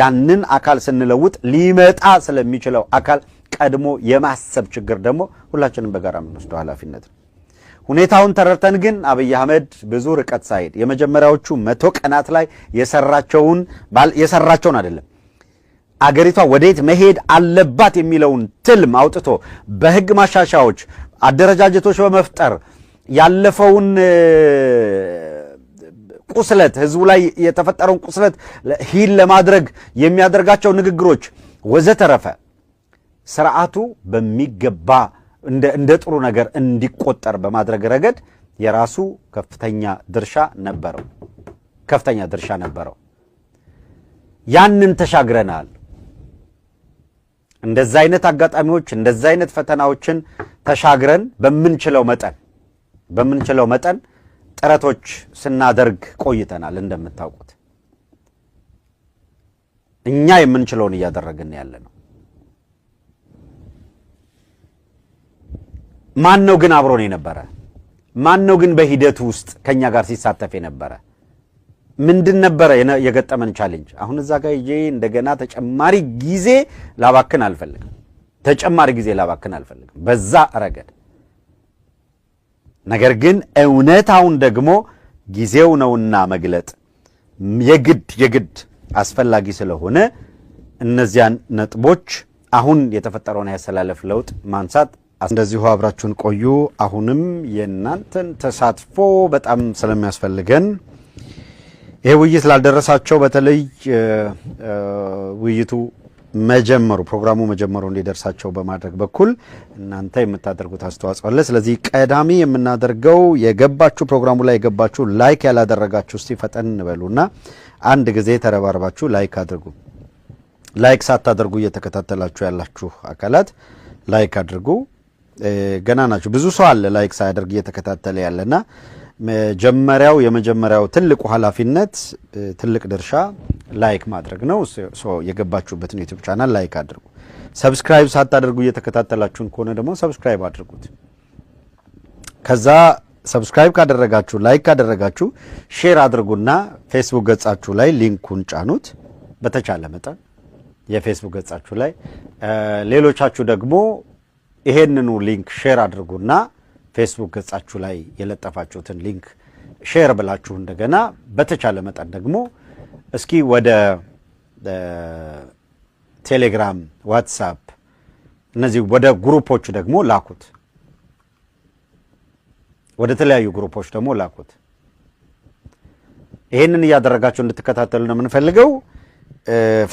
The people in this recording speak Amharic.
ያንን አካል ስንለውጥ ሊመጣ ስለሚችለው አካል ቀድሞ የማሰብ ችግር ደግሞ ሁላችንም በጋራ የምንወስደው ኃላፊነት ነው። ሁኔታውን ተረድተን ግን አብይ አህመድ ብዙ ርቀት ሳይሄድ የመጀመሪያዎቹ መቶ ቀናት ላይ የሰራቸውን የሰራቸውን አይደለም አገሪቷ ወዴት መሄድ አለባት የሚለውን ትልም አውጥቶ በህግ ማሻሻዎች አደረጃጀቶች በመፍጠር ያለፈውን ቁስለት ህዝቡ ላይ የተፈጠረውን ቁስለት ሂል ለማድረግ የሚያደርጋቸው ንግግሮች ወዘተረፈ ስርዓቱ በሚገባ እንደ ጥሩ ነገር እንዲቆጠር በማድረግ ረገድ የራሱ ከፍተኛ ድርሻ ነበረው ከፍተኛ ድርሻ ነበረው። ያንን ተሻግረናል። እንደዛ አይነት አጋጣሚዎች እንደዛ አይነት ፈተናዎችን ተሻግረን በምንችለው መጠን በምንችለው መጠን ጥረቶች ስናደርግ ቆይተናል። እንደምታውቁት እኛ የምንችለውን እያደረግን ያለ ነው። ማን ነው ግን አብሮን የነበረ? ማን ነው ግን በሂደቱ ውስጥ ከእኛ ጋር ሲሳተፍ የነበረ? ምንድን ነበረ የገጠመን ቻሌንጅ? አሁን እዛ ጋር ይዤ እንደገና ተጨማሪ ጊዜ ላባክን አልፈልግም። ተጨማሪ ጊዜ ላባክን አልፈልግም በዛ ረገድ ነገር ግን እውነታውን ደግሞ ጊዜው ነውና መግለጥ የግድ የግድ አስፈላጊ ስለሆነ እነዚያን ነጥቦች አሁን የተፈጠረውን ያሰላለፍ ለውጥ ማንሳት እንደዚሁ አብራችሁን ቆዩ። አሁንም የእናንተን ተሳትፎ በጣም ስለሚያስፈልገን ይህ ውይይት ላልደረሳቸው በተለይ ውይይቱ መጀመሩ ፕሮግራሙ መጀመሩ እንዲደርሳቸው በማድረግ በኩል እናንተ የምታደርጉት አስተዋጽኦ አለ። ስለዚህ ቀዳሚ የምናደርገው የገባችሁ ፕሮግራሙ ላይ የገባችሁ ላይክ ያላደረጋችሁ እስቲ ፈጠን እንበሉና አንድ ጊዜ ተረባርባችሁ ላይክ አድርጉ። ላይክ ሳታደርጉ እየተከታተላችሁ ያላችሁ አካላት ላይክ አድርጉ። ገና ናችሁ። ብዙ ሰው አለ ላይክ ሳያደርግ እየተከታተለ ያለና መጀመሪያው የመጀመሪያው ትልቁ ኃላፊነት ትልቅ ድርሻ ላይክ ማድረግ ነው። የገባችሁበትን ዩቲዩብ ቻናል ላይክ አድርጉ። ሰብስክራይብ ሳታደርጉ እየተከታተላችሁን ከሆነ ደግሞ ሰብስክራይብ አድርጉት። ከዛ ሰብስክራይብ ካደረጋችሁ ላይክ ካደረጋችሁ ሼር አድርጉና ፌስቡክ ገጻችሁ ላይ ሊንኩን ጫኑት በተቻለ መጠን የፌስቡክ ገጻችሁ ላይ። ሌሎቻችሁ ደግሞ ይሄንኑ ሊንክ ሼር አድርጉና ፌስቡክ ገጻችሁ ላይ የለጠፋችሁትን ሊንክ ሼር ብላችሁ እንደገና በተቻለ መጠን ደግሞ እስኪ ወደ ቴሌግራም፣ ዋትሳፕ እነዚህ ወደ ግሩፖቹ ደግሞ ላኩት። ወደ ተለያዩ ግሩፖች ደግሞ ላኩት። ይህንን እያደረጋቸው እንድትከታተሉ ነው የምንፈልገው።